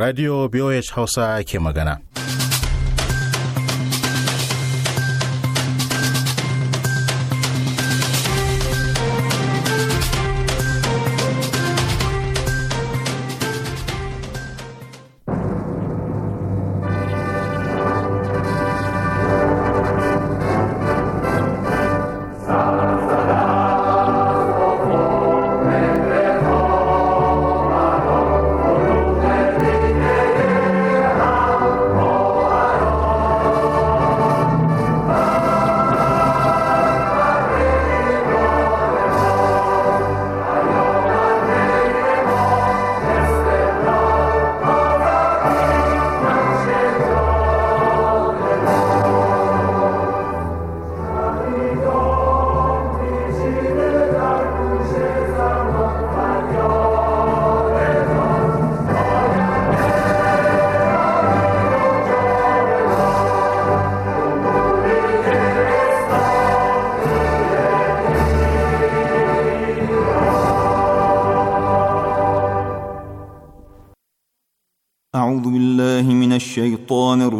radio voh hausa ke magana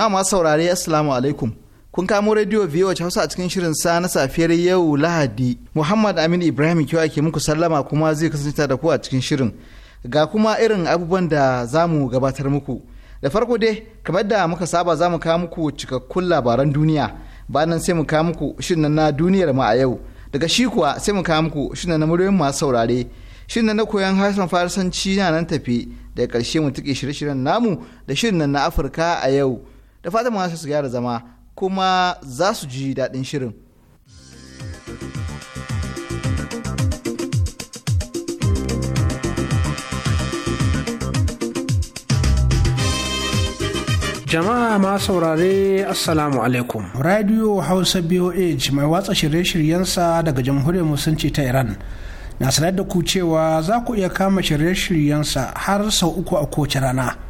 Jama'a saurari Assalamu alaikum. Kun kamo radio VOH Hausa a cikin shirin sa na safiyar yau Lahadi. Muhammad Aminu Ibrahim kiwa ke muku sallama kuma zai kasance da ku a cikin shirin. Ga kuma irin abubuwan da za mu gabatar muku. Da farko dai, kamar da muka saba za mu kawo muku cikakkun labaran duniya. Bayan sai mu kawo muku shirin na duniyar ma a yau. Daga shi kuwa sai mu kawo muku shirin na muryoyin masu saurare. Shirin na koyon harshen Farsanci na nan tafi. da ƙarshe mu tuke shirye-shiryen namu da shirin na Afirka a yau. da fatan masu su gyara zama kuma za su ji daɗin shirin. Jama'a ma saurare Assalamu alaikum. Radio Hausa BOH mai watsa shirye-shiryensa daga Jamhuriyar Musulunci ta Iran. Na sanar da ku cewa za ku iya kama shirye-shiryensa har sau uku a kowace rana.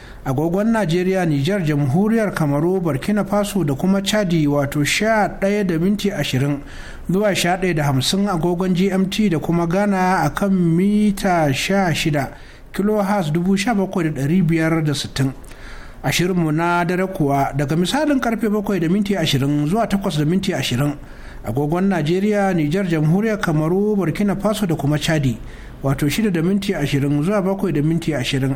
agogon najeriya niger jamhuriyar kamaru burkina faso da kuma chadi wato ɗaya da minti ashirin zuwa ɗaya da hamsin agogon gmt da kuma ghana a kan mita 16 sittin 17,560 ashirinmu na dare kuwa daga misalin karfe bakwai da minti ashirin zuwa takwas da minti ashirin agogon najeriya niger jamhuriyar kamaru burkina faso da kuma chadi wato shida da minti ashirin zuwa bakwai da minti ashirin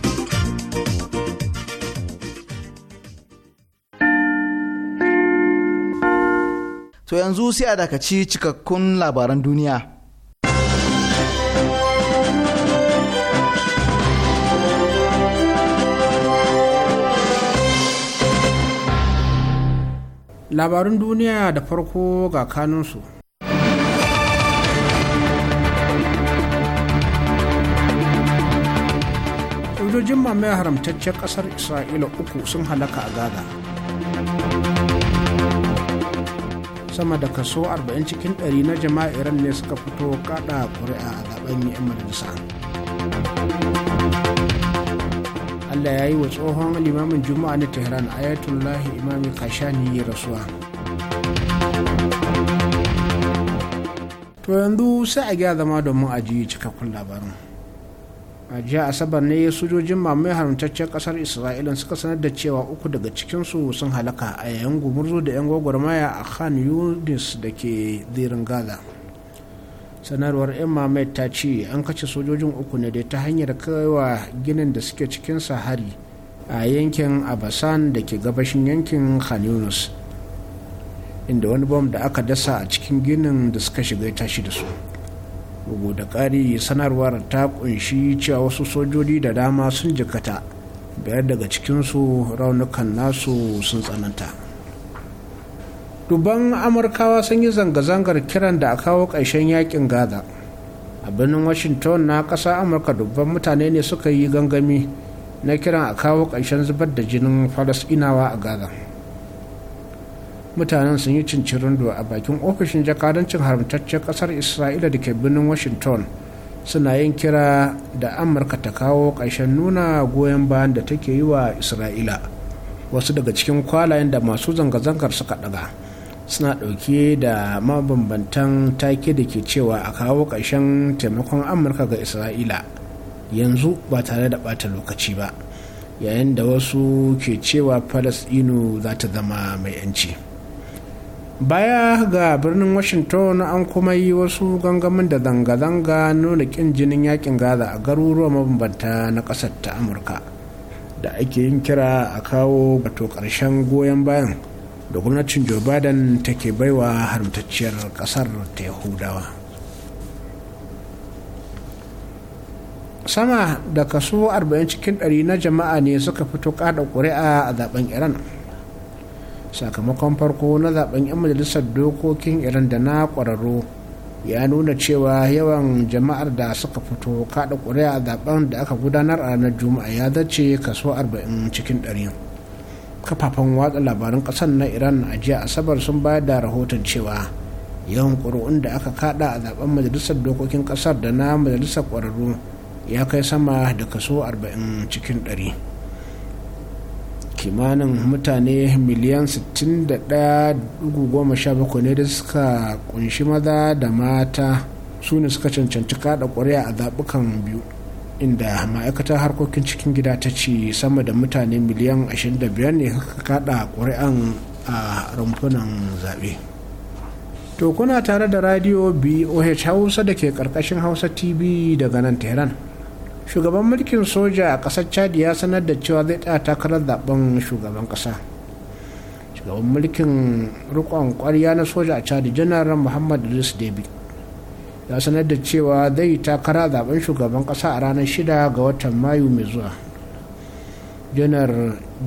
To yanzu sai a dakaci cikakkun labaran duniya. Labarun duniya da farko ga kanunsu. Sojojin mamayar haramtaccen ƙasar Isra'ila uku sun halaka a gaga sama da kaso 40 cikin 100 na jama'a iran ne suka fito kada kuri'a a zaben yan majalisa allah ya yi wa tsohon limamin juma'a na tehran ayatullahi imami kashani rasuwa to yanzu sai a gya zama domin ajiye cikakkun labarin a jiya asabar ne sojojin mamaye haramtaccen kasar isra'ila suka sanar da cewa uku daga cikinsu sun halaka a yayin gumurzu da 'yan gwagwarmaya a khan yunis da ke zirin gaza sanarwar yan mamaye ta ce an kace sojojin uku ne da ta hanyar kaiwa ginin da suke cikin sahari a yankin abasan da ke gabashin yankin khan yunis inda wani bom da aka dasa a cikin ginin da suka shiga tashi da su bugu da ƙari sanarwar ta kunshi cewa wasu sojoji da dama sun jikata biyar daga cikinsu raunukan nasu sun tsananta dubban amurkawa sun yi zanga-zangar kiran da a kawo ƙarshen yakin gaza a birnin washington na ƙasa amurka dubban mutane ne suka yi gangami na kiran a kawo ƙarshen zubar da jinin falasɗinawa a gaza mutanen sun yi cincirindo a bakin ofishin jakadancin haramtaccen kasar isra'ila da ke birnin washington suna yin kira da amurka ta kawo ƙarshen nuna goyon bayan da take yi wa isra'ila wasu daga cikin kwalayen da masu zanga-zangar suka daga suna ɗauke da mabambantan take da ke cewa a kawo ƙarshen taimakon amurka ga isra'ila yanzu ba tare da bata lokaci ba yayin da wasu ke cewa falasɗinu za ta zama mai 'yanci. baya ga birnin washington an kuma yi wasu gangamin da zanga-zanga nuna kin jinin yakin gaza a garuruwan mabambanta na ƙasar ta amurka da ake yin kira a kawo bato ƙarshen goyon bayan da gwamnatin joe biden take baiwa haramtacciyar ƙasar ta yahudawa sama da kaso 40 cikin 100 na jama'a ne suka fito kada ƙuri'a a zaben iran sakamakon farko na zaben 'yan majalisar dokokin iran da na kwararru ya nuna cewa yawan jama'ar da suka fito kada kuri'a zaben da aka gudanar a ranar juma'a ya zace kaso 40 cikin 100 kafafen watsa labarin ƙasar na iran a jiya asabar sun bayar da rahoton cewa yawan ƙuri'un da aka kaɗa a zaben majalisar dokokin ƙasar da na majalisar kwararru ya kai sama da kaso 40 cikin 100 kimanin mutane miliyan 61.17 ne da suka kunshi maza da mata su ne suka cancanci kada ƙuri'a a zabukan biyu inda ma'aikatar harkokin cikin gida ta ce sama da mutane miliyan 25 ne kada ƙuri'an a rumfunan zaɓe to kuna tare da radio boh hausa da ke ƙarƙashin hausa tv daga nan tehran shugaban mulkin soja a ƙasar chad ya sanar da cewa zai ta takarar zaben shugaban ƙasa shugaban mulkin rikon ƙwarya na soja a chad janar muhammad idris debi ya sanar da cewa zai yi takara zaben shugaban ƙasa a ranar shida ga watan mayu mai zuwa janar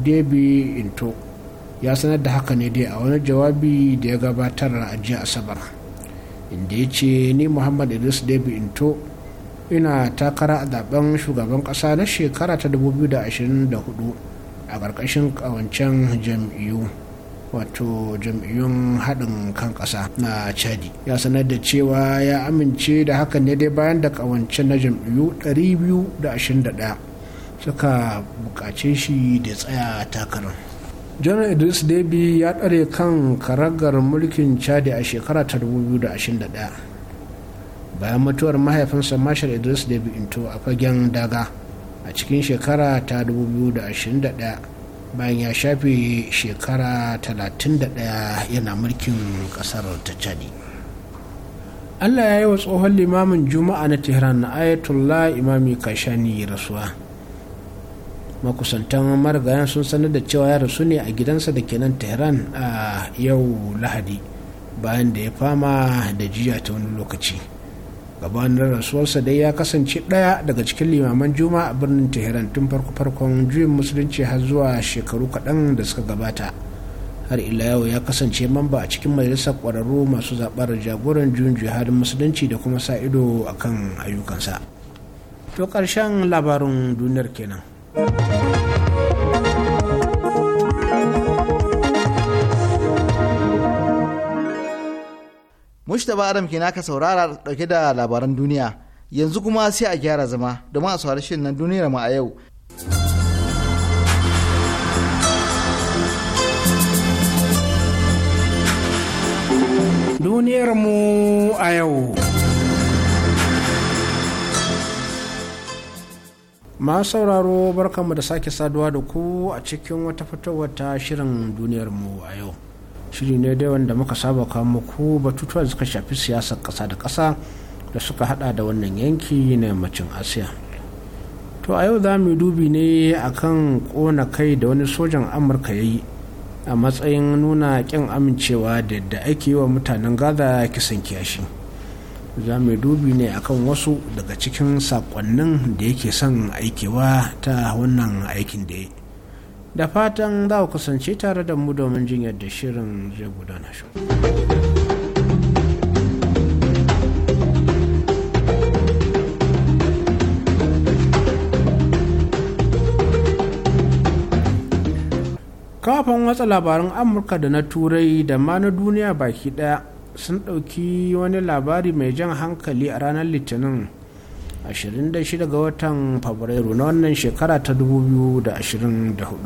debi into ya sanar da haka ne dai a wani jawabi da ya gabatar a jiya asabar inda ya ce ni muhammad idris debi into ina takara a zaben shugaban ƙasa na shekara ta 2024 a ƙarƙashin ƙawancen jam'iyyu wato jam'iyyun haɗin kan ƙasa na chadi ya sanar da cewa ya amince da hakan ne dai bayan da ƙawancen na jam'iyyu 221 suka buƙace shi da tsaya takarar janar idris debi ya ɗare kan karagar mulkin chadi a shekara ta 2021 bayan mutuwar mahaifinsa marshal idris da into a fagen daga a cikin shekara ta 2021 bayan ya shafe shekara 31 yana mulkin kasar ta chadi allah ya yi wa tsohon limamin juma'a na tehran na ayatollah imami kashani rasuwa makusantan marigayen sun sanar da cewa ya rasu ne a gidansa da ke nan tehran a yau lahadi bayan da ya fama da jiya ta wani lokaci gabanin rasuwarsa dai ya kasance ɗaya daga cikin limaman juma'a a birnin tehran tun farko-farkon juyin musulunci har zuwa shekaru kaɗan da suka gabata har ila yau ya kasance mamba a cikin majalisar kwararru masu zaɓar jagoran juyin jihadin musulunci da kuma sa ido akan ayyukansa to karshen labarin duniyar kenan. ba Adam ke naka saurara dauke da labaran duniya. Yanzu kuma sai a gyara zama domin a saurari shirin nan duniyar mu a yau. Duniyar mu a yau. masu sauraro barkanmu da sake saduwa da ku a cikin wata fitowar ta shirin duniyarmu a yau shiri ne da wanda muka saba kawo muku batutuwa suka shafi siyasar ƙasa da ƙasa da suka hada da wannan yanki na yammacin asiya to a yau za mu dubi ne akan kona kai da wani sojan amurka ya yi a matsayin nuna kyan amincewa da yadda ake yi wa mutanen gaza kisan kiyashi za mu dubi ne akan wasu daga cikin sakonnin da yake son aikewa ta wannan aikin da ya yi da fatan za ku kasance tare da mu domin jin yadda shirin zai gudana shi. kafin watsa labaran amurka da na turai da ma na duniya baki daya sun ɗauki wani labari mai jan hankali a ranar litinin 26 ga watan fabrairu na wannan shekara ta 2024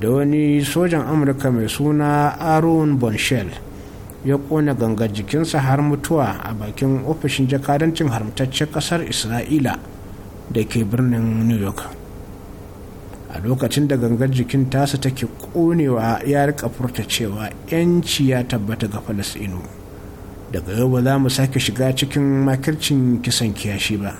da wani sojan amurka mai suna aaron bonshell ya ƙona ganga jikinsa har mutuwa a bakin ofishin jakadancin haramtaccen kasar isra'ila da ke birnin new york a lokacin da gangar jikin tasa take konewa ya rika furta cewa 'yanci ya tabbata ga falasɗinu daga yau ba za mu sake shiga cikin makircin kisan kiyashi ba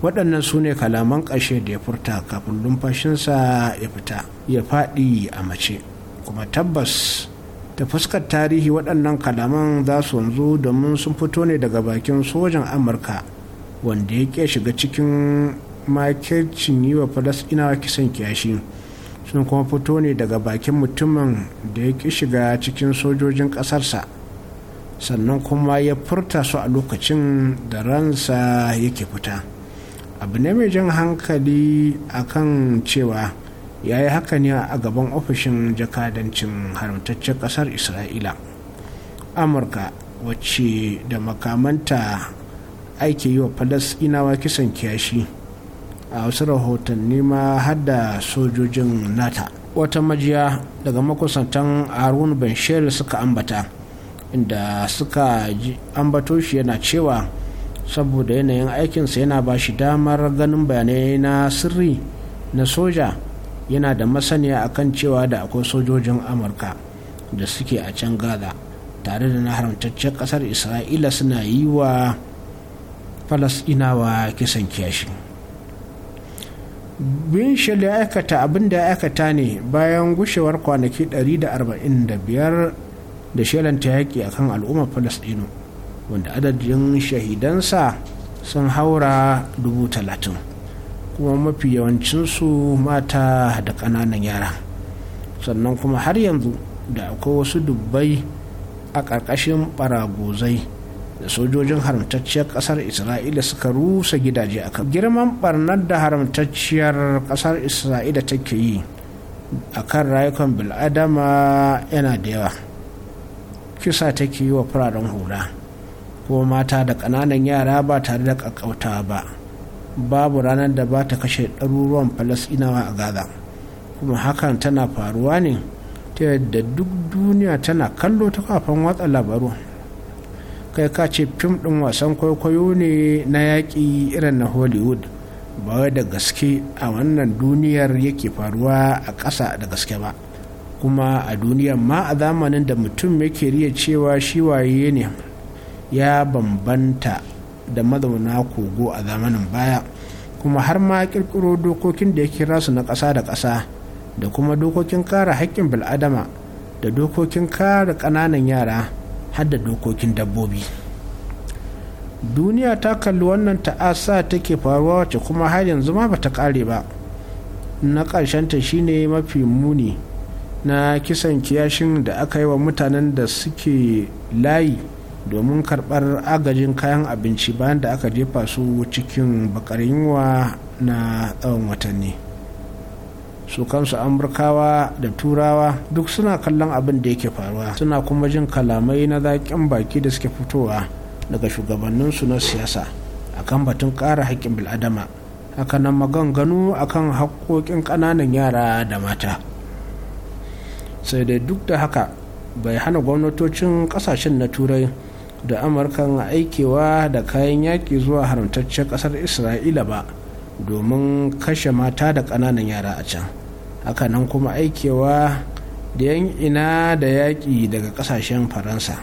waɗannan su ne kalaman ƙashe da ya furta kafin numfashinsa ya fita ya faɗi a mace kuma tabbas ta fuskar tarihi waɗannan kalaman za su wanzu domin sun fito ne daga bakin sojan amurka wanda ya ke shiga cikin makircin yi wa falasɗinawa kisan kiyashi sun kuma fito ne daga bakin mutumin da ya ƙi shiga cikin sojojin ƙasarsa sannan kuma ya furta su a lokacin da ransa yake fita abu ne mai jan hankali a kan cewa ya yi haka ne a gaban ofishin jakadancin haramtaccen ƙasar isra'ila amurka wacce da makamanta aiki yi wa falasinawa kisan kiyashi a wasu rahotanni ma hada sojojin nata wata majiya daga makusantan harun ben suka ambata inda suka ji ambato shi yana cewa saboda yanayin aikinsa yana ba shi damar ganin bayanai na sirri na soja yana da masaniya akan cewa da akwai sojojin amurka da suke a can gaza tare da na haramtaccen kasar isra'ila suna yi wa falasinawa kisan kiyashi bin shirya aikata abin da aikata ne bayan gushewar kwanaki 145 da shelanta yaƙi kan al'ummar falasɗinu wanda adadin shahidansa sun haura dubu talatin kuma mafi yawancinsu mata da ƙananan yara sannan kuma har yanzu da akwai wasu dubbai a ƙarƙashin ɓaragozai da sojojin haramtacciyar ƙasar isra'ila suka rusa gidaje a girman ɓarnar da haramtacciyar ƙasar isra'ila take yi a kan rayukan bil'adama yana da yawa kisa take yi wa fararen hula kuma mata da ƙananan yara ba tare da ƙaƙauta ba babu ranar da ba ta kashe ɗaruruwan falasɗinawa a gaza kuma hakan tana faruwa ne ta yadda duk duniya tana kallo ta kafan watsa labaru kai ka ce fim ɗin wasan kwaikwayo ne na yaƙi irin na hollywood ba wai da gaske a wannan duniyar yake faruwa a ƙasa da gaske ba kuma a duniya ma a zamanin da mutum yake riya cewa shi waye ne ya bambanta da mazauna kogo a zamanin baya kuma har ma kirkiro dokokin da ya kira su na ƙasa da ƙasa da kuma dokokin kare haƙƙin bil'adama da dokokin kare ƙananan yara har da dokokin dabbobi duniya ta kalli wannan ta'asa take faruwa wacce kuma har yanzu ma bata ƙare ba na ƙarshenta shine mafi muni na kisan kiyashin da aka yi wa mutanen da suke layi domin karɓar agajin kayan abinci bayan da aka jefa su cikin bakar yunwa na tsawon watanni su kansu amurkawa da turawa duk suna kallon abin da yake faruwa suna kuma jin kalamai na zaƙin baki da suke fitowa daga shugabanninsu na siyasa akan batun ƙara haƙƙin bil'adama hakanan maganganu akan haƙƙoƙin ƙananan yara da mata sai dai duk da haka bai hana gwamnatocin kasashen na turai da amurkan aikewa da kayan yaƙi zuwa haramtaccen ƙasar isra'ila ba domin kashe mata da ƙananan yara a can hakanan kuma aikewa da yan ina da yaƙi daga ƙasashen faransa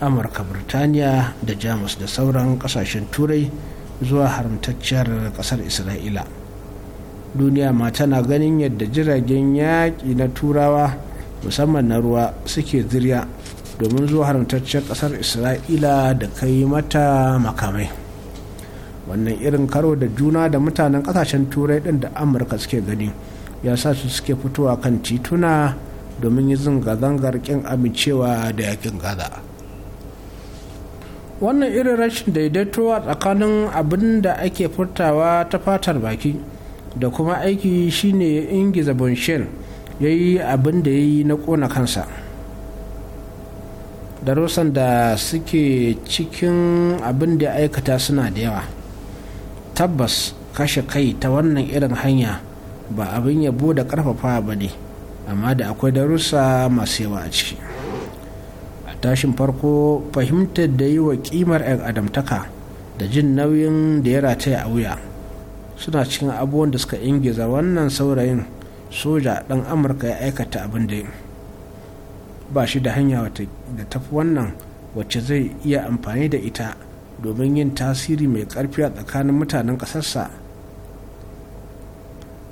amurka birtaniya da jamus da sauran ƙasashen turai zuwa haramtacciyar ƙasar isra'ila duniya ma tana ganin yadda jiragen yaƙi na turawa musamman na ruwa suke zirya domin zuwa haramtaccen ƙasar isra'ila da kai mata makamai wannan irin karo da juna da mutanen ƙasashen turai ɗin da amurka suke gani ya sa su suke fitowa kan tituna domin yi zanga-zangar ƙin amincewa da yakin gaza wannan irin rashin daidaito a tsakanin abin da ake furtawa ta fatar baki da kuma aiki shine ingiza bonshen ya yi abin da ya yi na kona kansa darussan da suke cikin abin da aikata suna da yawa tabbas kashe kai ta wannan irin hanya ba abin yabo da ƙarfafa ba ne amma da akwai darussa masu yawa a ciki a tashin farko fahimtar da yi wa ƙimar 'yan adamtaka da jin nauyin da ya rataya a wuya suna cikin abubuwan da suka ingiza wannan saurayin soja ɗan amurka ya aikata abin da ba shi da hanya da tafi wannan wacce zai iya amfani da ita domin yin tasiri mai ƙarfi a tsakanin mutanen ƙasarsa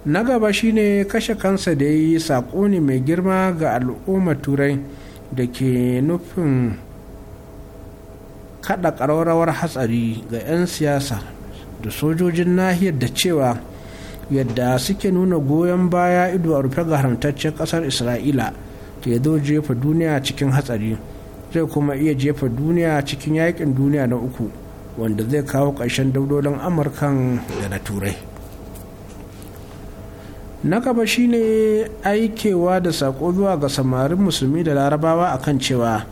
na gaba shine kashe kansa da ya yi saƙo ne mai girma ga al'ummar turai da ke nufin kada ƙararrawar hatsari ga 'yan siyasa da sojojin nahiyar da cewa yadda suke nuna goyon baya ido a rufe ga haramtaccen kasar isra'ila ke zo jefa duniya cikin hatsari zai kuma iya jefa duniya cikin yakin duniya na uku wanda zai kawo ƙarshen daudolin amurkan da na turai na gaba shine aikewa da saƙo zuwa ga samarin musulmi da larabawa a kan cewa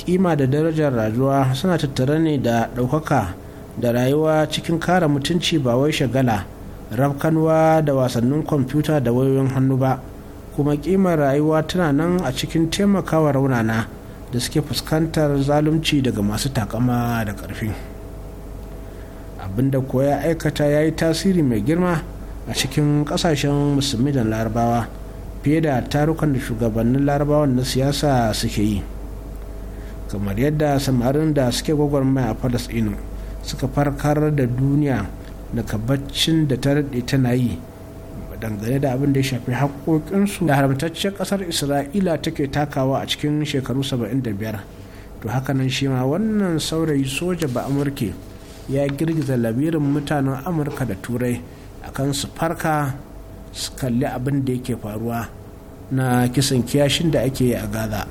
kima da darajar rayuwa suna tattare ne da ɗaukaka da rayuwa cikin kara mutunci ba wai shagala rafkanwa da wasannin kwamfuta da wayoyin hannu ba kuma kimar rayuwa tana nan a cikin taimakawa raunana da suke fuskantar zalunci daga masu takama da ƙarfi abinda kuwa ya aikata ya yi tasiri mai girma a cikin ƙasashen musulmi da larabawa fiye da tarukan da shugabannin larabawan na siyasa suke yi kamar yadda samarin da suke gwagwarmaya a falasɗinu suka farkar da duniya daga baccin da ta rade tana yi dangane da abin da ya shafi haƙoƙinsu da haramtaccen ƙasar isra'ila take takawa a cikin shekaru 75 to hakanan shi ma wannan saurayi soja ba amurke ya girgiza labirin mutanen amurka da turai akan su farka su kalli abin da yake faruwa na kisan kiyashin da ake yi a gaza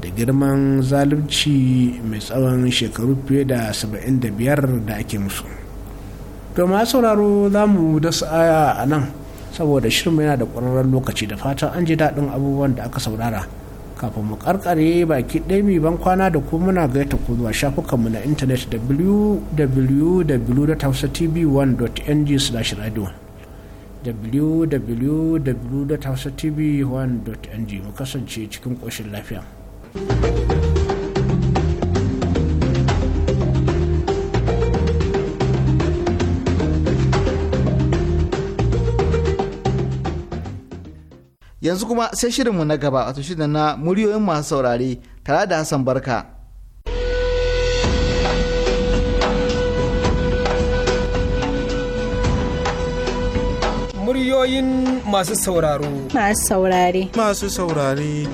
da girman zalunci mai tsawon shekaru fiye da 75 da ake musu to ma sauraro za mu da aya a nan saboda shirma yana da ƙwararren lokaci da fatan an ji daɗin abubuwan da aka saurara kafin mu karkare baki ɗaya mai ban kwana da ko muna gaita ku zuwa shafukanmu na intanet www.hausatv1.ng/radio www.hausatv1.ng mu kasance cikin ƙoshin lafiya. thank you yanzu kuma sai shirinmu na gaba wato shirin na muryoyin masu saurare tare da hassan barka muryoyin masu sauraro masu saurare masu saurare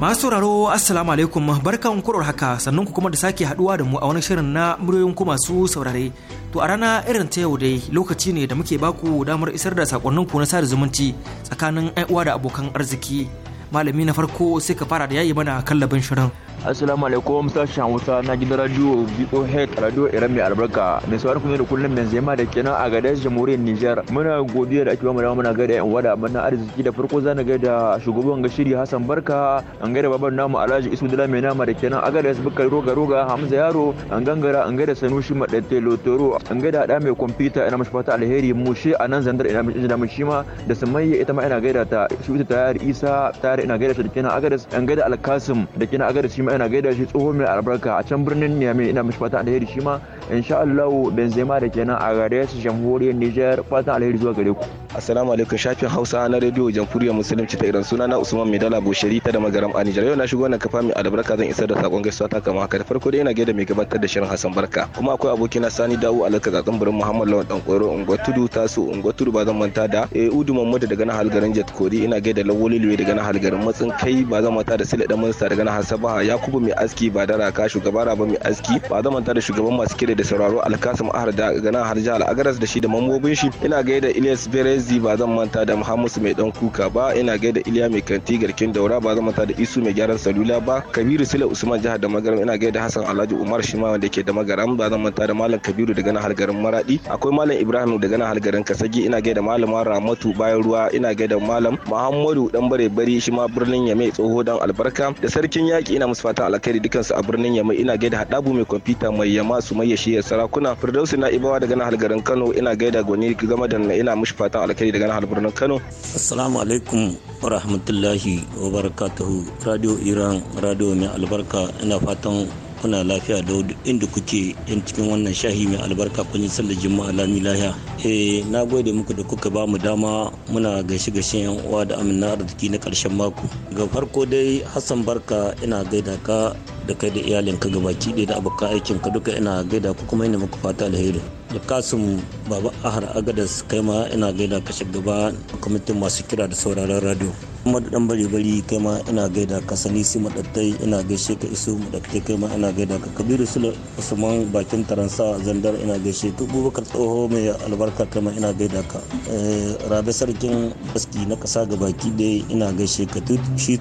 Masu sauraro Assalamu alaikum barkan kurar haka sannan ku kuma da sake haduwa da mu a wani shirin na muryoyin ku masu saurare. To a rana irin ta yau dai lokaci ne da muke baku damar isar da sakonnin ku na sada zumunci tsakanin uwa da abokan arziki. Malami na farko sai ka fara da yayi mana kallabin shirin. Assalamu alaikum sashen Hausa na gidan radio BOH radio Iran mai albarka mai sauraron kuma da kullum Benzema da kenan a gadar jamhuriyar nijar muna godiya da ake ba mu dama muna gaida yan wada mana arziki da farko zan gaida shugaban gashiri Hassan Barka an gaida baban namu Alhaji Isu Dala mai nama da kenan a gaida Bukar Roga Roga Hamza Yaro an gangara an gaida Sanushi Madatte Lotoro an gaida da mai kwamfuta ina mashi fata alheri mushe a nan zandar ina mashi jina shi ma da Sumayya ita ma ina gaida ta shi ta Isa tare ina gaida shi da kenan a gaida an gaida Alkasim da kenan a gaida shi kuma ina gaida shi tsoho mai albarka a can birnin Niamey ina mishi fatan alheri shi ma insha Allah Benzema da kenan a gare su jamhuriyar Niger fatan alheri zuwa gare ku Assalamu alaikum shafin Hausa na rediyo Jamhuriyar Musulunci ta Iran sunana Usman Medala Bushari ta da magaram a Nijar. Yau na shigo wannan kafa mai albarka zan isar da sakon gaisuwa ta kama haka. Da farko dai ina gaida mai gabatar da shirin Hassan Barka. Kuma akwai abokina Sani Dawu Alaka zakan Birin Muhammad Lawan Dan koro. Unguwar Tudu Taso Unguwar Tudu ba zan manta da eh Udu Mamadu daga nan halgarin Jet Kori ina gaida Lawoli Luwe daga nan halgarin Matsin Kai ba zan manta da Sule Dan Minista daga nan Hasabaha Yakubu mai aski ba da raka shugaba ba mai aski ba zan manta da shugaban masu kire da sauraro Alkasim Ahar daga nan Harja Al-Agaras da shi da mambobin shi ina gaida Ilyas Berez Gazzi ba zan manta da Muhammadu mai dan kuka ba ina gaida Iliya mai kanti garkin daura ba zan manta da Isu mai gyaran salula ba Kabiru Sule Usman jaha da Magaram ina gaida Hassan Alhaji Umar shi ma wanda yake da Magaram ba zan manta da Malam Kabiru daga nan halgarin Maradi akwai Malam Ibrahim daga nan halgarin Kasagi ina gaida Malam Ramatu bayan ruwa ina gaida Malam Muhammadu dan bare bari shi ma birnin Yame tsoho dan albarka da sarkin yaki ina musu fatan alkhairi su a birnin Yame ina gaida Hadabu mai kwamfuta mai yama su mai yashi sarakuna Firdausi na Ibawa daga nan halgarin Kano ina gaida Gwani game da ina mushi fatan alkali daga nan birnin Kano. Assalamu alaikum wa rahmatullahi wa barakatuhu. Radio Iran, radio mai albarka ina fatan kuna lafiya da inda kuke yan cikin wannan shahi mai albarka kun yi sallar juma'a lami lahiya eh na gode muku da kuka ba mu dama muna gaishe gaishe yan uwa da amina arziki na karshen mako ga farko dai hassan barka ina gaida ka da kai da ka gabaki ɗaya da abokan aikin ka duka ina gaida ku kuma ina muku fata alheri Kasim baba ahar agadas kai ina gaida ka shugaba kwamitin masu kira da sauraron radio madadan bari bari kai ma ina gaida ka salisi madattai ina gaishe ka iso madattai kai ma ina gaida ka kabiru su usman bakin taransa zandar ina gaishe ka bubakar tsoho mai albarka kai ma ina gaida ka eh, rabe sarkin baski na kasa ga baki dai ina gaishe ka shi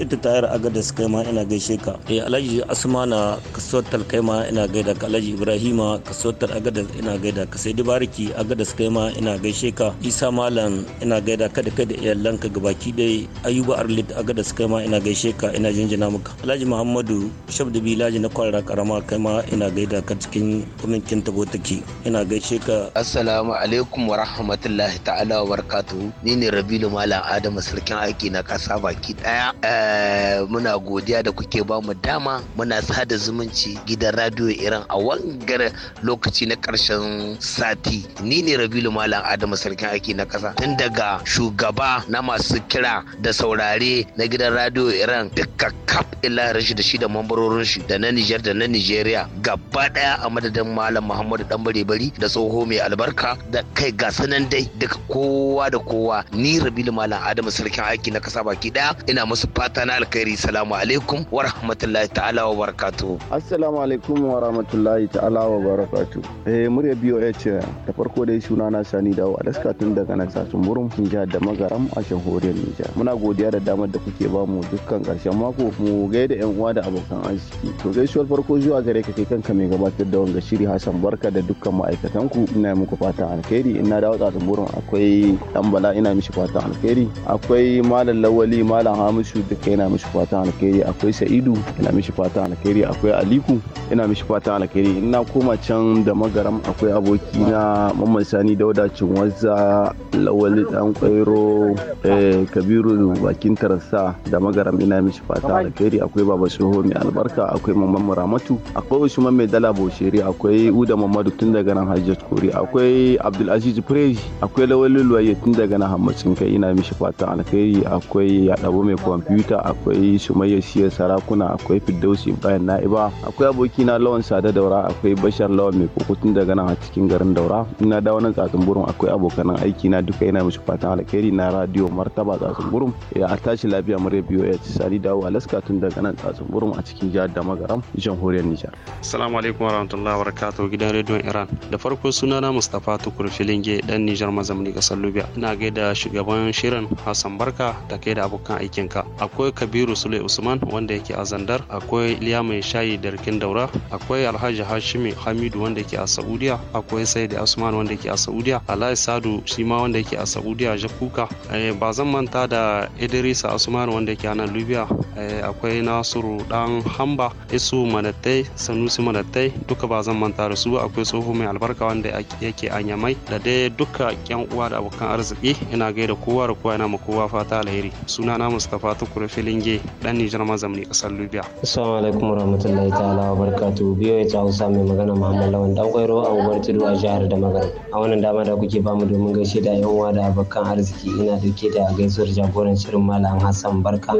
ita tayar agadas kai ma ina gaishe ka eh, alhaji na kasuwatar kai ma ina gaida ka alhaji ibrahima kasuwatar agadas ina gaida ka sai dubariki agadas kai ma ina gaishe ka isa malam ina gaida ka da kai da iyalanka gabaki dai ayuba arlit aga da suka ma ina gaishe ka ina jinjina maka alhaji muhammadu shabda bilaji na kwarara karama kai ma ina gaida ka cikin kwaminkin tabo take ina gaishe ka assalamu alaikum wa rahmatullahi ta'ala wa barkatu ni ne rabilu malam Adama sarkin aiki na kasa baki daya eh, muna godiya da kuke ba mu dama muna sada zumunci gidan radio iran a wangar lokaci na karshen sati ni ne rabilu malam Adama sarkin aiki na kasa tun daga shugaba na masu kira da saurare na gidan radio iran duka kap ila rashi da shi da mambarorin shi da na niger da na nijeriya gaba daya a madadin malam muhammadu dan bare bari da tsoho mai albarka da kai ga sanan dai duka kowa da kowa ni rabilu malam adamu sarkin aiki na kasa baki daya ina musu fata na alkhairi salamu alaikum wa rahmatullahi ta'ala wa barakatuhu assalamu alaikum wa rahmatullahi ta'ala wa barakatuhu eh murya biyo ya ce eh, da farko dai suna na sani dawo a daska tun daga nan sasun burin jihar da magaram a jamhuriyar nijar muna godiya da damar da kuke ba mu dukkan karshen mako mu gaida yan uwa da abokan arziki to gaisuwar farko zuwa gare ka kai kanka mai gabatar da wanga shiri Hassan barka da dukkan ma'aikatan ku ina muku fata alkhairi ina dawo da burin akwai dan bala ina mishi fata alkhairi akwai malam lawali malam hamisu duka ina mishi fatan alkhairi akwai sa'idu ina mishi fatan alkhairi akwai aliku ina mishi fata alkhairi ina koma can da magaram akwai aboki na mamman sani dauda cinwazza lawali dan kwairo eh, kabiru bakin tarasa da magaram ina mishi fata alkhairi akwai baba soho mai albarka akwai mamman muramatu akwai usman mai dala bosheri akwai uda mamadu tun daga nan hajjat kori akwai abdulaziz fresh akwai lawali luwaye tun daga nan hammacin kai ina mishi fata alkhairi akwai yadabo mai kwamfuta akwai sumayya siya sarakuna akwai firdausi bayan na'iba akwai aboki na lawan sada daura akwai bashar lawan mai tun daga nan a cikin garin daura ina dawo nan tsatsun burin akwai abokanan aiki na duka yana musu fatan alkhairi na radio martaba tsatsun burin a tashi lafiya murya biyu ya ci sari dawo alaska tun daga nan tsatsun burin a cikin jihar da magaram jamhuriyar nijar. assalamu alaikum wa wabarakatuh gidan rediyon iran da farko sunana mustapha tukur filinge dan nijar mazamni kasar lubiya ina gaida shugaban shirin hassan barka ta kai da abokan aikinka akwai kabiru sule usman wanda yake a zandar akwai iliya mai shayi da rikin daura akwai Alhaji Hashimi Hamidu wanda ke a Saudiya akwai Saidi asman wanda ke a Saudiya Alhaji Sadu shi ma wanda ke a Saudiya Jakuka eh, ba zan manta da Idris asman wanda ke a nan Libya eh, akwai Nasiru Dan Hamba Isu manatai Sanusi manatai duka ba zan manta da su akwai tsoho mai albarka wanda yake a Nyamai da dai duka yan uwa da abokan arziki ina gaida kowa da kowa ina ma kowa fata alheri Suna na Mustapha Tukur Filinge dan Nijar mazamni kasar Libya assalamu alaikum warahmatullahi ta'ala wa barakatu biyo ya hausa mai magana muhammad lawan dan kwairo a ubar tudu a jihar da magana a wannan dama da kuke bamu domin gaishe da yan uwa da abokan arziki ina dauke da gaisuwar jagoran shirin malam hassan barka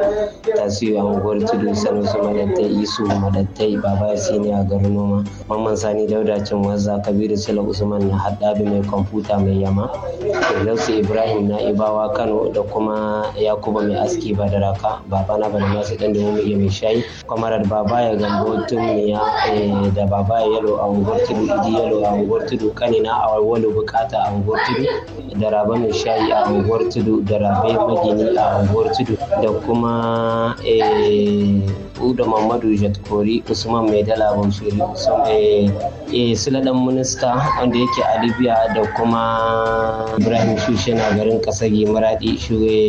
tasiri a unguwar tudu sanusu madattai isu madattai baba sini a garin noma mamman sani dauda cin wazza kabiru sala usman na haddabi mai kwamfuta mai yama firdausu ibrahim na ibawa kano da kuma yakuba mai aski badaraka Babana na da masu dan da mai shayi kwamarar baba ya gambo tun ya Eh, da baba yalo a unguwar tudu idi yalo a unguwar tudu kanina a wani bukata a unguwar tudu da raba mai shayi a unguwar tudu da rabe magini a unguwar tudu da kuma eh, Uda Mamadu Jatkori Usman Mai Dala Bamshiri eh, Sule dan minista wanda yake a Libya da kuma Ibrahim Shushe na garin Kasagi Maradi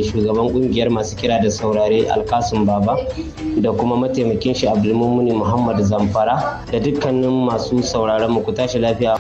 shugaban kungiyar masu kira da saurare Alkasun Baba da kuma mataimakin shi Abdulmumuni Muhammad Zamfa fara da dukkanin masu sauraron mu ku tashi lafiya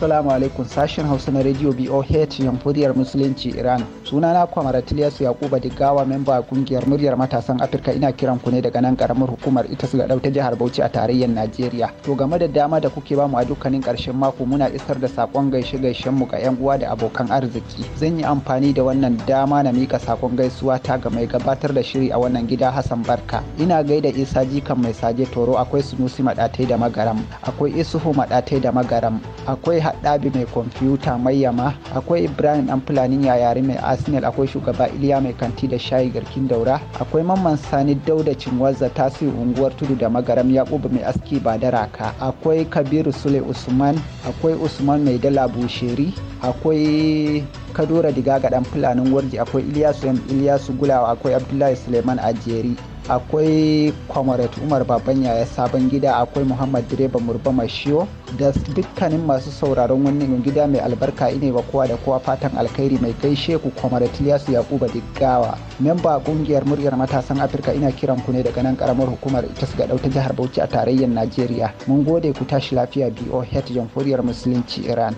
Assalamu alaikum sashen Hausa na Radio BOH Jamhuriyar Musulunci Iran. Sunana Kwamar Tiliyasu Yakuba Digawa memba kungiyar muryar matasan Afirka ina kiran ku ne daga nan karamar hukumar ita su ta jihar Bauchi a tarayyar Najeriya. To game da dama da kuke bamu a dukkanin karshen mako muna isar da sakon gaishe gaishen mu ga yan uwa da abokan arziki. Zan yi amfani da wannan dama na mika sakon gaisuwa ta ga mai gabatar da shiri a wannan gida Hassan Barka. Ina gaida Isa Jikan mai saje Toro akwai Sunusi Madatai da Magaram, akwai Isuhu Madatai da Magaram, akwai ɗabi mai kwamfuta mai yama akwai ibrahim dan fulani yare mai arsenal akwai shugaba iliya mai kanti da shayi garkin daura akwai mamman sani dauda cinwazza tasi unguwar tudu da magaram yakubu mai aski ba da raka akwai kabiru sule usman akwai usman mai dala busheri akwai kadora diga ga dan fulanin warji akwai iliyasu m iliyasu gulawa akwai abdullahi suleiman ajeri akwai kwamarat umar baban yaya sabon gida akwai muhammad direba murba mashiyo da dukkanin masu sauraron wannan gida mai albarka ine wa kowa da kowa fatan alkhairi mai gaishe ku kwamarat liyasu yakuba diggawa memba kungiyar muryar matasan afirka ina kiran ku ne daga nan karamar hukumar itas ga ta jihar bauchi a tarayyar najeriya mun gode ku tashi lafiya boh jamhuriyar musulunci iran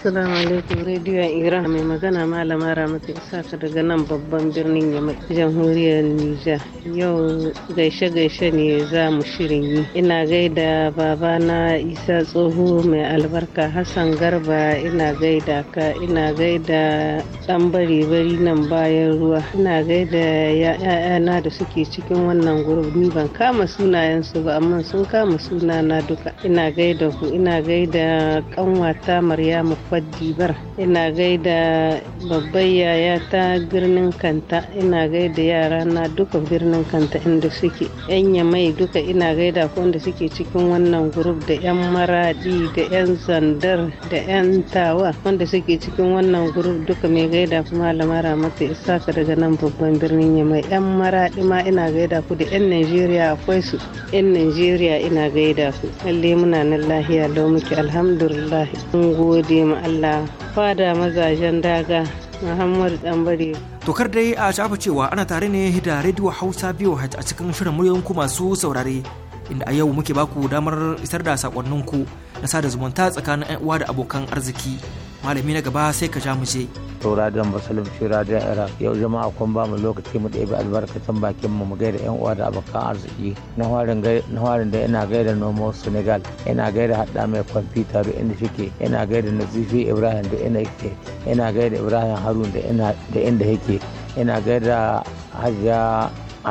Assalamu alaikum rediyon Iran mai magana malama Ramatu Isaka daga nan babban birnin Yamai jamhuriyar Nijar. Yau gaishe gaishe ne za mu shirin yi. Ina gaida babana Isa Tsoho mai albarka Hassan Garba ina gaida ka ina gaida dan bari bari nan bayan ruwa. Ina gaida ya'yana da suke cikin wannan gurbi ni ban kama sunayen su ba amma sun kama sunana duka. Ina gaida ku ina gaida kanwata Maryamu kwadibar ina gaida babbar yaya ta birnin kanta ina gaida yara na duka birnin kanta inda suke yan yamai duka ina gaida ko inda suke cikin wannan grup da yan maradi da yan zandar da yan tawa wanda suke cikin wannan grup duka mai gaida ku malama ramata isaka daga nan babban birnin yamai yan maradi ma ina gaida ku da yan najeriya akwai su yan najeriya ina gaida ku lalle muna nan lahiya lau muke alhamdulillah mun gode ma. Allah fada mazajen daga Muhammadu Dambare. Tokar dai a shafa cewa ana tare ne da rediyo Hausa biyu a cikin shirin muryoyin ku masu saurare inda a yau muke baku damar isar da sakonninku na sada zumunta tsakanin 'yan uwa da abokan arziki. malami na gaba sai ka ja mu je to radiyon musulun shi radiyon iraq yau jama'a kun ba mu lokaci mu ɗebi albarkacin bakin mu mu gaida yan uwa da abokan arziki na harin da ina gaida nomo senegal ina gaida hada mai kwamfuta da inda shike ina gaida nazifi ibrahim da ina yake ina gaida ibrahim harun da inda yake ina gaida hajiya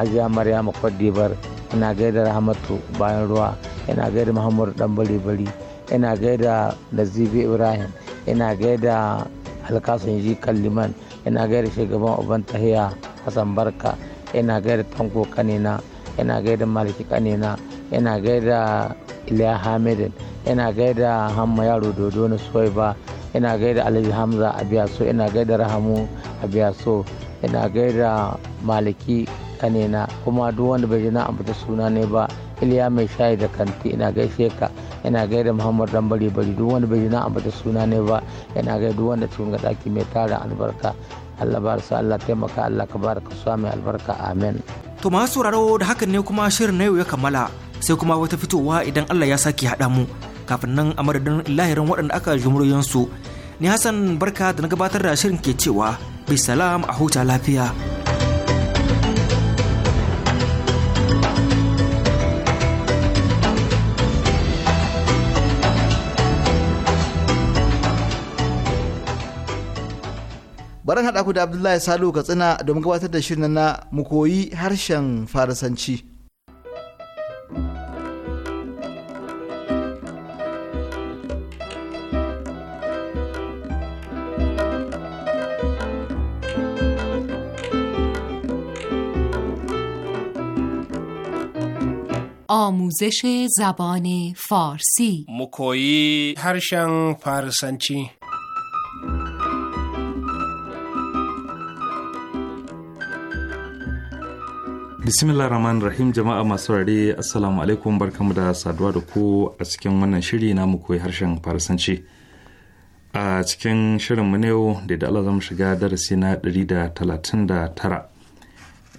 mariam maryama kwadibar ina gaida rahmatu bayan ruwa ina gaida muhammadu dan bari bari ina gaida nazifi ibrahim ina gaida alkasun ji kalliman ina gaida shugaban uban tahiya hassan barka ina gaida tanko kanina ina gaida maliki kanina ina gaida iliya hamidin ina gaida hamma yaro dodo na ba ina gaida alhaji hamza a so ina gaida rahamu a so ina gaida maliki kanina kuma duk wanda bai ji na ambata suna ne ba iliya mai shayi da kanti ina gaishe ka yana gaida muhammad dan bari bari duk wani bai na ambata suna ne ba yana gaida duk wanda cikin daki mai tara albarka allah su allah taimaka allah ka baraka mai albarka amen to masu sauraro da hakan ne kuma shirin na yau ya kammala sai kuma wata fitowa idan allah ya sake haɗa mu kafin nan a madadin lahirin waɗanda aka su ni hassan barka da na gabatar da shirin ke cewa bisalam a huta lafiya barin haɗa ku da abdullahi salu katsina domin gabatar da shirin na mu koyi harshen farisanci آموزش زبان فارسی مکویی هرشن فارسنچی bismillah rahman rahim jama'a masu rari assalamu alaikum barkamu da saduwa da ku a cikin wannan shiri na mu koyi harshen farisanci a cikin shirin mu yau da da Allah zamu shiga darasi na 139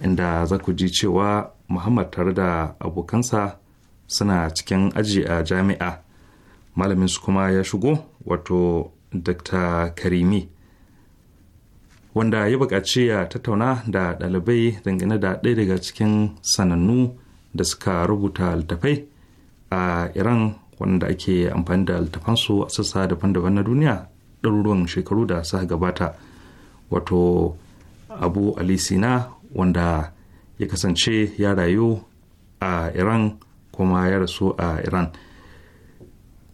inda za ku ji cewa muhammad tare da abokansa suna cikin aji a jami'a malamin su kuma ya shigo wato dr karimi wanda ya buƙaci ya tattauna da ɗalibai dangane da ɗaya daga cikin sanannu da suka rubuta littattafai a iran wanda ake amfani da littafansu a sassa daban-daban na duniya ɗaruruwan shekaru da suka gabata wato abu alisina wanda ya kasance ya rayu a iran kuma ya rasu a iran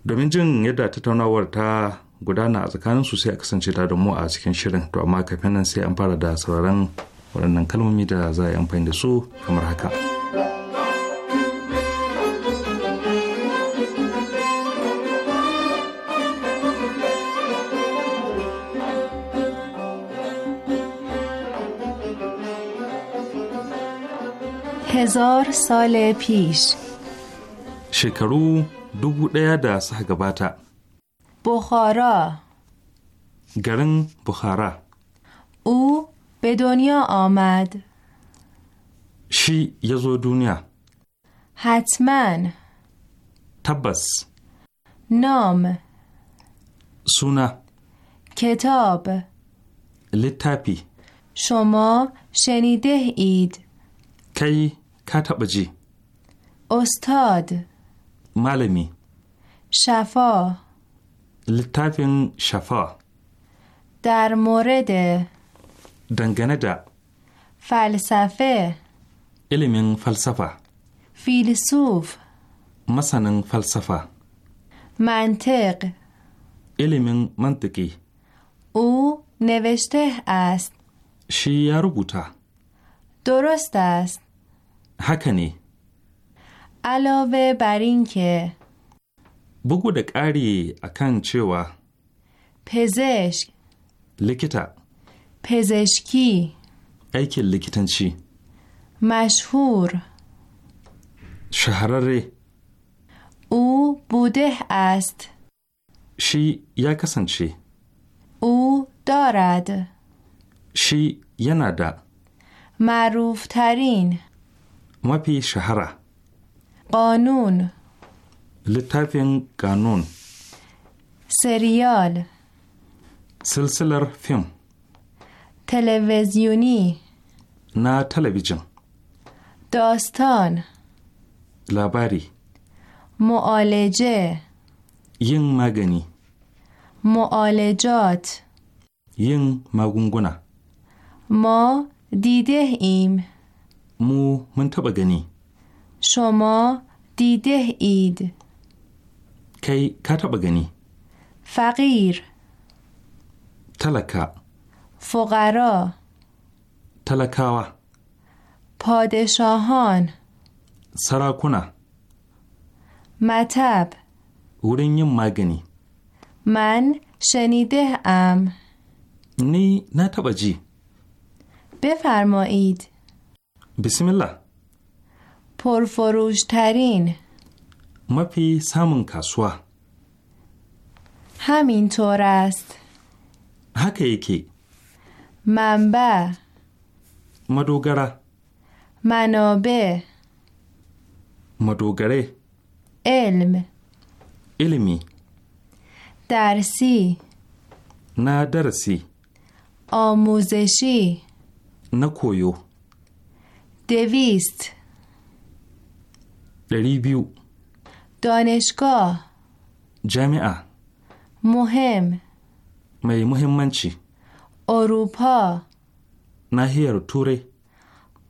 domin jin yadda tattaunawar ta gudana a tsakanin su sai a kasance da mu a cikin shirin to amma kafin nan sai an fara da sauraron waɗannan kalmomi da za a yi amfani da su kamar haka. هزار سال پیش شکرو دو بوده در سه گباته بخارا گرن بخارا او به دنیا آمد شی یزو دنیا حتما تبس نام سونا کتاب لتاپی شما شنیده اید کی کتابجی استاد معلمی شفا littafin شفا در مورد دنگنه فلسفه علم فلسفه فیلسوف مثلا فلسفه منطق علم منطقی او نوشته است شی یا درست است هکنی علاوه بر اینکه Bugu da ƙari a kan cewa Pezesh Likita Pezeshki Aikin likitanci Mashhur Shahararre U budeh ast Shi ya kasance U dorad Shi yana da Maruftarin. Mafi shahara Qanun. littafin قانون سریال سلسلر فیلم تلویزیونی نه تلویزیون داستان لاباری معالجه ین مگنی معالجات ین مگونگونا ما دیده ایم مو من گنی شما دیده اید کی ka گنی فقیر تلکا فقرا تلکاوا پادشاهان سراکونا مطب ورین یم مگنی من شنیده ام نی نتبا جی بفرمایید بسم الله پرفروشترین مپی کسوا کاسوا همینطور است هکه یکی منبع مدوگره منابع مدوگره علم علمی درسی نه درسی آموزشی نکویو دویست دریبیو دانشگاه جامعه مهم می چی؟ اروپا نهیر توری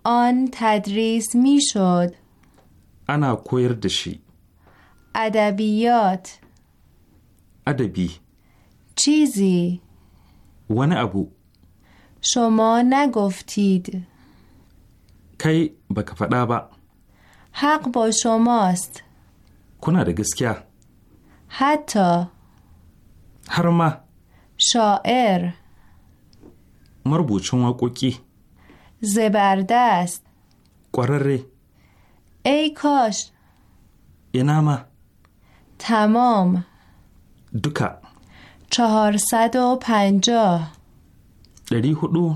آن تدریس می شد انا کویر ادبیات ادبی چیزی ون ابو شما نگفتید کی بکفدابا حق با شماست کنار گسکیا حتا حرام شاعر مربوتشونو کی زبردست قراره ای کاش ین تمام دکه چهارصد و پنجاه دری خودو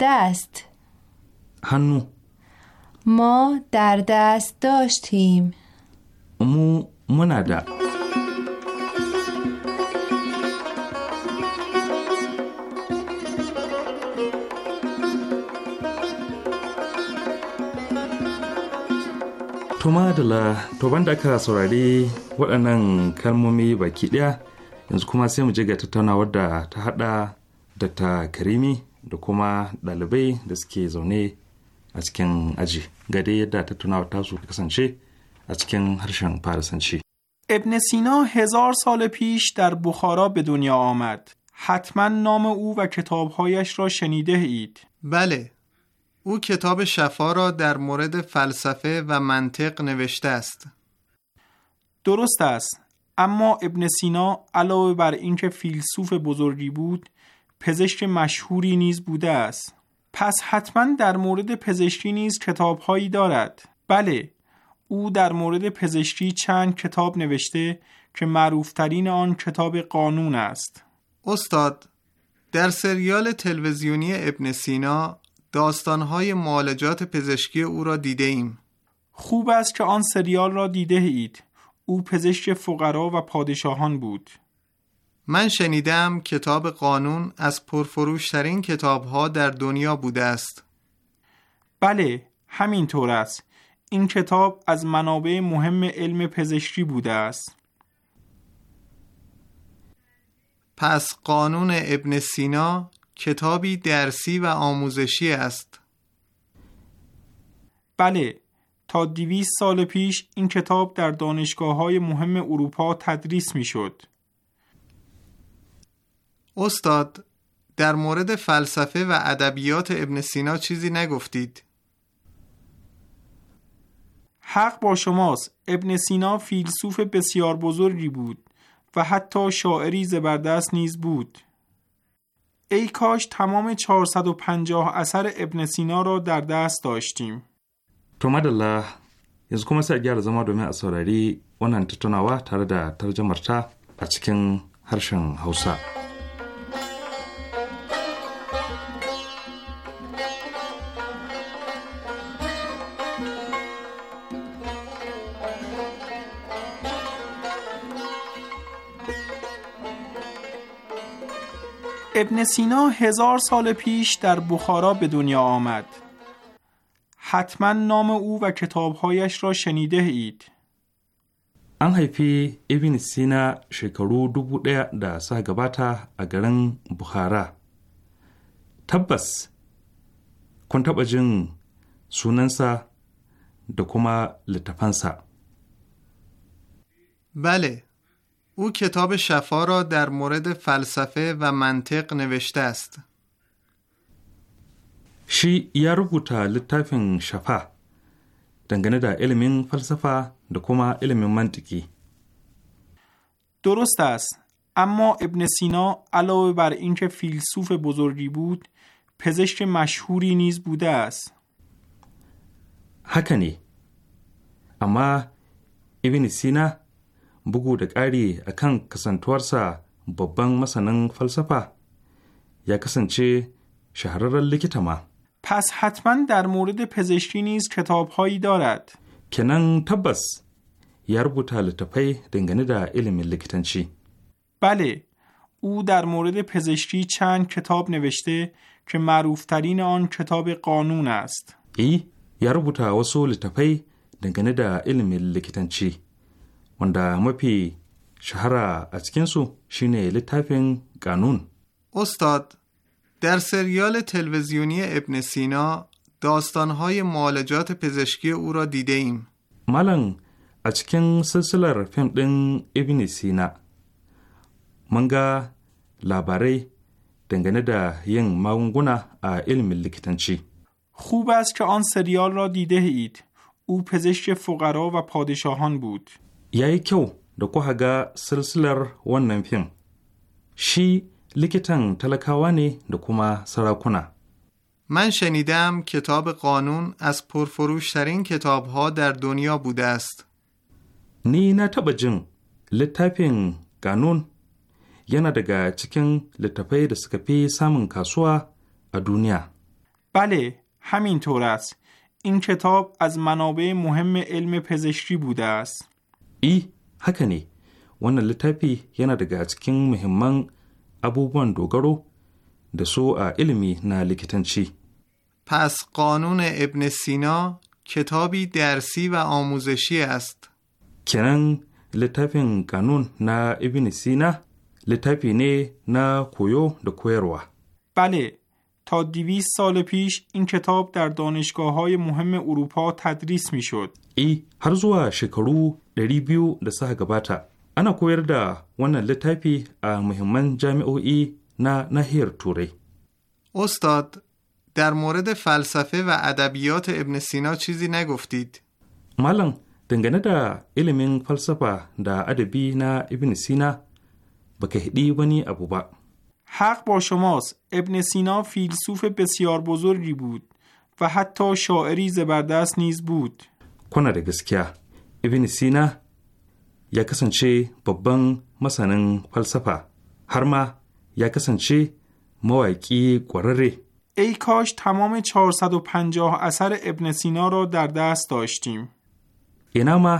دست هنو ما در دست داشتیم mu muna da tuma la to banda aka saurari waɗannan kalmomi baki ɗaya yanzu kuma sai mu je ga tattaunawa da ta haɗa da ta karimi da kuma ɗalibai da suke zaune a cikin aji gade yadda tattaunawar su kasance ابن سینا هزار سال پیش در بخارا به دنیا آمد حتما نام او و کتابهایش را شنیده اید بله او کتاب شفا را در مورد فلسفه و منطق نوشته است درست است اما ابن سینا علاوه بر اینکه فیلسوف بزرگی بود پزشک مشهوری نیز بوده است پس حتما در مورد پزشکی نیز کتابهایی دارد بله او در مورد پزشکی چند کتاب نوشته که معروفترین آن کتاب قانون است استاد در سریال تلویزیونی ابن سینا داستانهای معالجات پزشکی او را دیده ایم. خوب است که آن سریال را دیده اید. او پزشک فقرا و پادشاهان بود. من شنیدم کتاب قانون از پرفروشترین کتابها در دنیا بوده است. بله، همینطور است. این کتاب از منابع مهم علم پزشکی بوده است پس قانون ابن سینا کتابی درسی و آموزشی است بله تا دیویس سال پیش این کتاب در دانشگاه های مهم اروپا تدریس می شد. استاد در مورد فلسفه و ادبیات ابن سینا چیزی نگفتید حق با شماست ابن سینا فیلسوف بسیار بزرگی بود و حتی شاعری زبردست نیز بود ای کاش تمام 450 اثر ابن سینا را در دست داشتیم تو مدالله yanzu گیار sai gyara زمان دومی اصاراری saurari wannan tattaunawa tare da tarjamarta a هرشن harshen ابن سینا هزار سال پیش در بخارا به دنیا آمد حتما نام او و کتابهایش را شنیده اید an ابن سینا sina shekaru dubu ɗaya da sa gabata a garin buhara tabbas kun taɓa jin sunansa da kuma littafansa او کتاب شفا را در مورد فلسفه و منطق نوشته است. شی یا rubuta littafin شفا علم da فلسفه فلسفه درست است اما ابن سینا علاوه بر اینکه فیلسوف بزرگی بود پزشک مشهوری نیز بوده است هکنی اما ابن سینا bugu da ƙari a kan kasantuwarsa babban masanin falsafa ya kasance shahararren likita ma. hatman حتما در مورد پزشکی نیز کتابهایی دارد. کنن تبس یا rubuta littafai dangane da ilimin likitanci. بله او در مورد پزشکی چند کتاب نوشته که معروفترین آن کتاب قانون است. ای یا rubuta wasu littafai dangane da ilimin likitanci. wanda mafi shahara a cikinsu shine littafin قانون استاد در سریال تلویزیونی ابن سینا داستانهای معالجات پزشکی او را دیده ایم ملن از سلسلر فیلم دن ابن سینا منگا لاباره دنگنه دا ین ا علم لکتنچی خوب است که آن سریال را دیده اید او پزشک فقرا و پادشاهان بود ya yi kyau da kuka ga silsilar wannan fim. Shi likitan talakawa ne da kuma sarakuna. من شنیدم کتاب قانون از پرفروشترین کتاب ها در دنیا بوده است. نی نتبه جن لطفین قانون یعنی دگه چکن لطفه دسکپی سامن کسوا دنیا. بله همینطور است. این کتاب از منابع مهم علم پزشکی بوده است. I, e, haka ne, wannan littafi yana daga cikin muhimman abubuwan dogaro da su a ilimi na likitanci. پس kanun Ibn Sina kitabi darsi wa amuzashi ast. kenan littafin kanun na Ibn Sina littafi ne na koyo da koyarwa. Bale. تا دیویس سال پیش این کتاب در دانشگاه های مهم اروپا تدریس می شد. ای هر زوا شکرو دری بیو ده سه گباتا انا کویر دا ونن لطایپی مهمن ای نه نهیر توری استاد در مورد فلسفه و ادبیات ابن سینا چیزی نگفتید مالن دنگنه دا علم فلسفه دا ادبی نا ابن سینا بکه دیوانی ابو باق. حق با شماست ابن سینا فیلسوف بسیار بزرگی بود و حتی شاعری زبردست نیز بود kuna ابن سینا ibn sina ya kasance فلسفه فلسفه، falsafa یا کسان ای کاش تمام 450 اثر ابن سینا را در دست داشتیم. اینا ما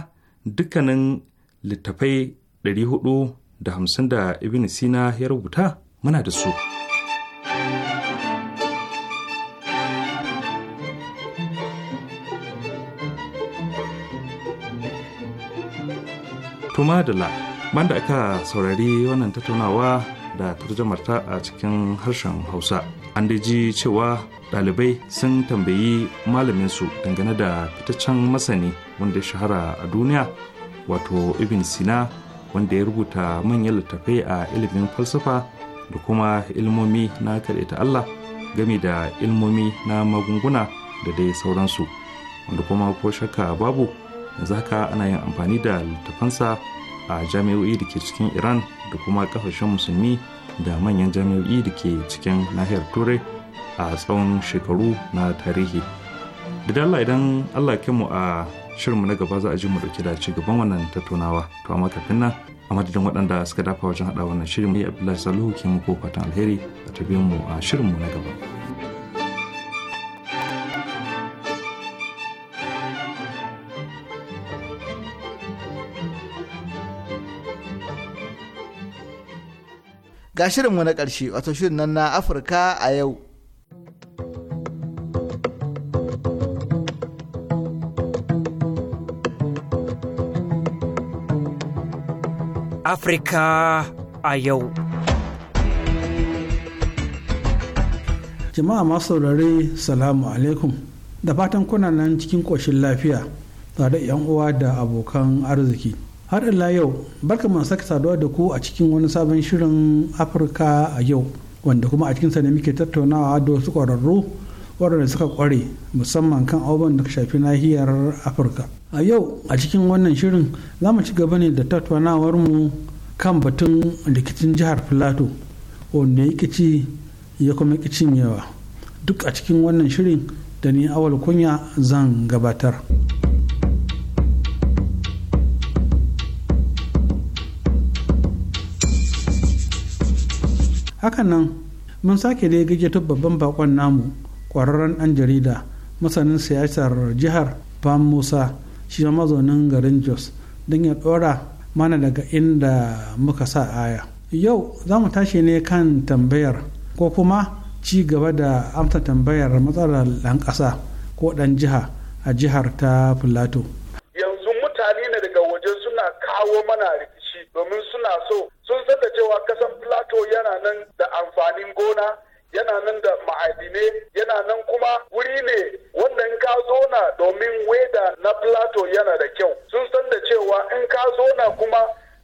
دکنن لطفه ده همسنده ابن سینا رو بوده؟ muna da su. Tumadala, banda aka saurari wannan tattaunawa da tarjamarta a cikin harshen Hausa. An da ji cewa ɗalibai sun tambayi malaminsu dangane da fitaccen masani wanda shahara a duniya wato Ibn Sina wanda ya rubuta manyan littattafai a ilimin falsafa da kuma ilmomi na ta Allah gami da ilmomi na magunguna da dai sauransu wanda kuma ko shakka babu yanzu haka ana yin amfani da littafansa a jami'o'i da ke cikin iran da kuma kafashen musulmi da manyan jami'o'i da ke cikin nahiyar turai a tsawon shekaru na tarihi da allah idan allah mu a shirinmu na gaba za a ji mu ɗauki da ci gaban wannan tattaunawa to amma kafin nan a madadin waɗanda suka dafa wajen haɗa wannan shirin mai abdullahi salihu ke muku fatan alheri a tabi mu a shirin mu na gaba. ga shirin mu na ƙarshe wato shirin nan na afirka a yau Afirka a yau. Jama'a masu saurari salamu alaikum da fatan kuna nan cikin ƙoshin lafiya tare yan uwa da abokan arziki. Har ila yau barka mu sake saduwa da ku a cikin wani sabon shirin Afirka a yau wanda kuma a cikinsa ne muke tattaunawa da wasu ƙwararru waɗanda suka ƙware musamman kan abubuwan da ka shafi nahiyar Afirka. a yau a cikin wannan shirin za mu ci gaba ne da mu kan batun rikicin jihar filato wanda ya kici ya kuma kicin yawa duk a cikin wannan shirin da ni awal kunya zan gabatar hakanan mun sake da ya gaje babban bakon namu kwararren dan jarida masanin siyasar jihar ban musa shi ma mazaunin garin jos don ya dora mana daga inda muka sa aya yau za mu tashi ne kan tambayar ko kuma ci gaba da amsa tambayar matsalar ɗan ƙasa ko ɗan jiha a jihar ta filato yanzu mutane ne daga waje suna kawo mana rikici domin suna so sun san cewa kasan filato yana nan da amfanin gona yana nan da ma'adinai yana nan kuma wuri ne wanda in ka zona domin weda na plato yana da kyau sun san da cewa in ka zona kuma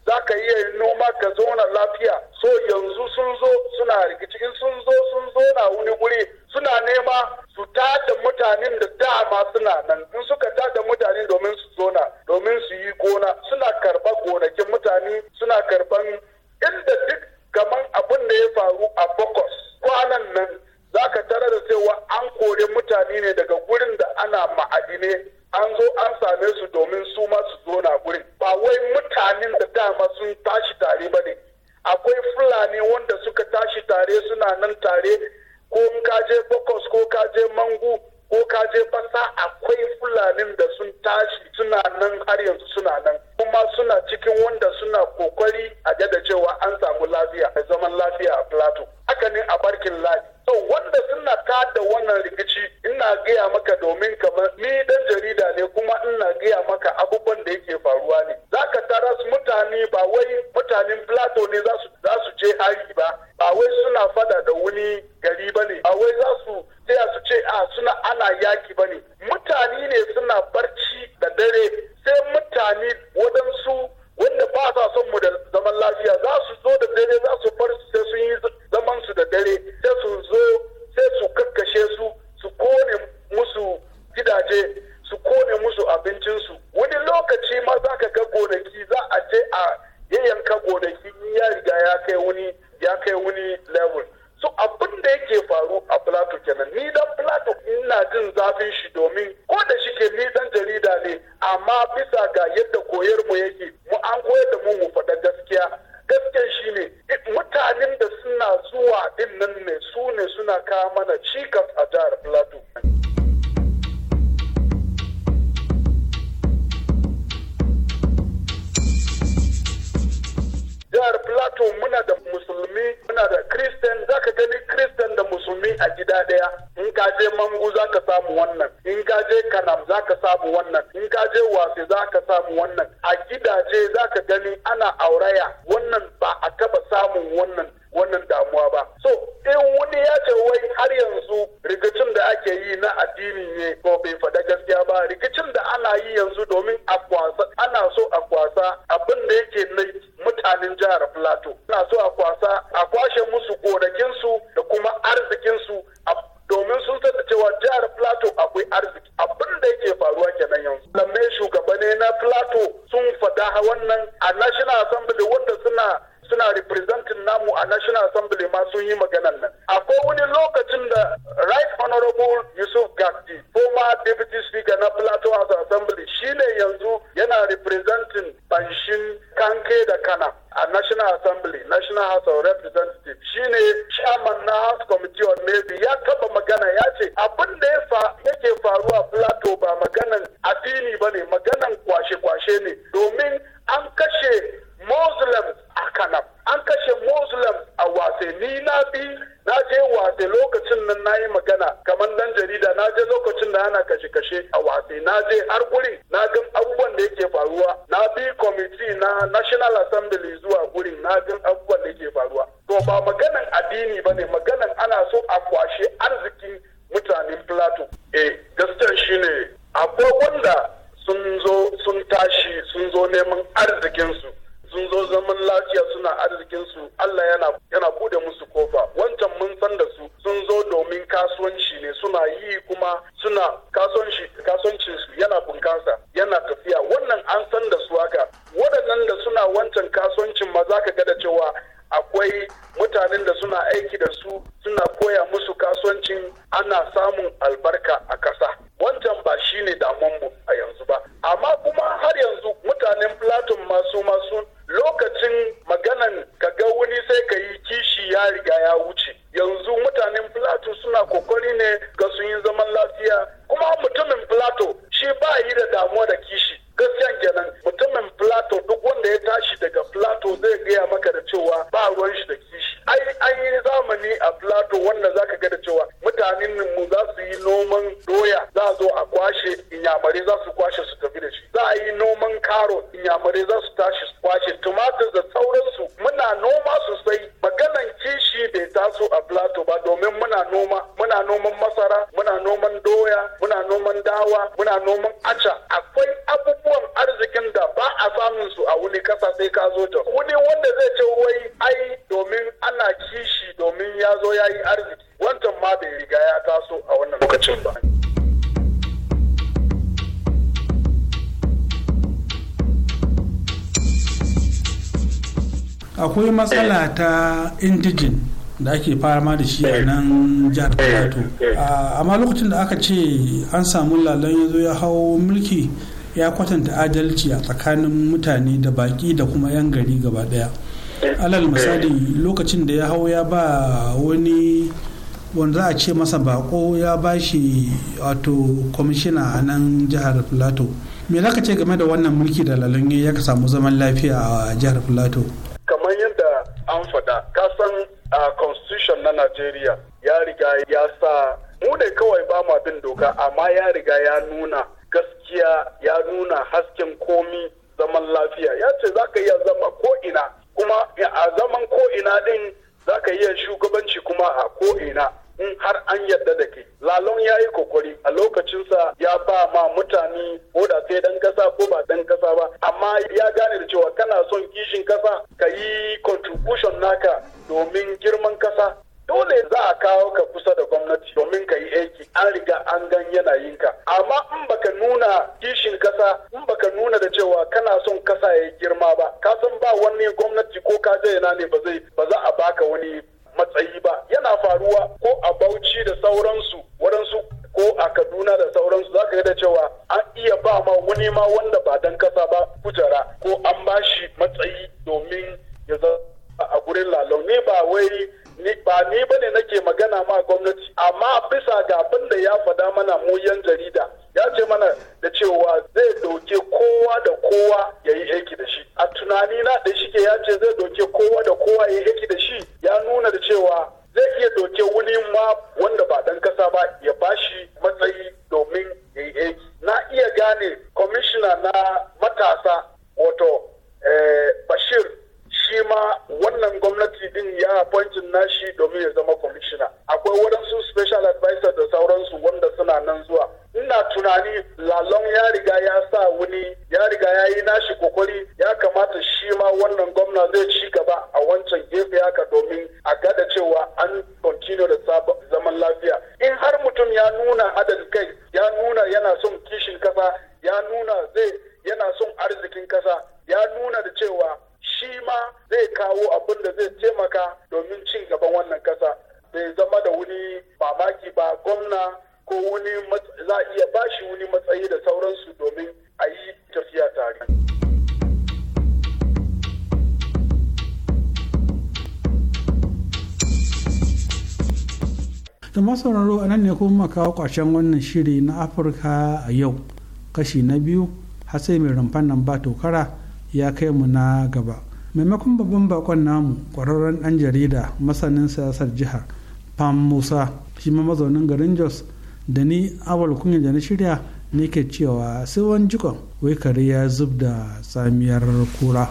za ka iya noma ka zona lafiya so yanzu sun zo suna rikici in sun zo sun zona wani guri suna nema su tada mutanen da dama suna nan in suka tada mutane domin su zona domin su yi gona suna karɓar gonakin mutane suna karban inda duk kamar abin da ya faru a bokos kwanan nan za ka tara da cewa an kore mutane ne daga gurin da ana ma'adine an zo an same su domin su ma su zo gurin ba wai mutanen da dama sun tashi tare ba ne akwai fulani wanda suka tashi tare suna nan tare ko in ka bokos ko kaje mangu ko kaje basa akwai fulanin da sun tashi suna nan har yanzu suna nan kuma suna cikin wanda suna kokari a da cewa an samu gaya maka matsala eh. ta indijin da ake fama da shi a eh. nan jihar eh. plateau ah, amma lokacin da aka ce an samu lalon ya zo ya hau mulki ya kwatanta adalci a tsakanin mutane da baki da kuma 'yan gari gaba daya alal misali lokacin da ya hau ya ba wani wanda za a ce masa bako ya ba shi wato kwamishina a nan jihar plateau me za ka ce game da wannan mulki da lalon ya ka samu zaman lafiya a jihar plateau domin ka yi aiki an riga an gan yana ka amma in baka nuna kishin kasa in baka nuna da cewa kana son kasa ya girma ba ka san ba wani gwamnati ko ka je yana ne ba zai ba za a baka wani matsayi ba yana faruwa ko a bauchi da sauransu waɗansu ko a kaduna da sauransu za ka da cewa an iya ba ma wani ma wanda ba dan kasa ba kujara ko an bashi kawo ƙwashen wannan shiri na afirka a yau kashi na biyu har mai rumfan nan ba tokara ya kai mu na gaba maimakon babban bakon namu ƙwararren ɗan jarida masanin siyasar jihar pam musa shi ma mazaunin garin jos da ni awal kunya da na shirya ne ke cewa sai wani jikon wai kare ya zub da tsamiyar kura.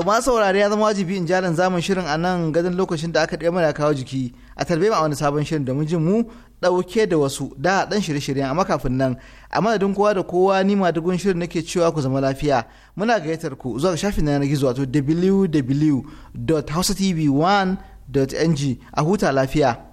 to ma saurare ya zama wajibi in jarin zaman shirin a nan gadon lokacin da aka ɗaya mana kawo jiki a tarbe a wani sabon shirin da jin mu ɗauke da wasu da ɗan shirye-shiryen a makafin nan a madadin kowa da kowa ni ma dugun shirin nake cewa ku zama lafiya muna gayyatar ku zuwa shafin na gizo wato www.hausatv1.ng a huta lafiya.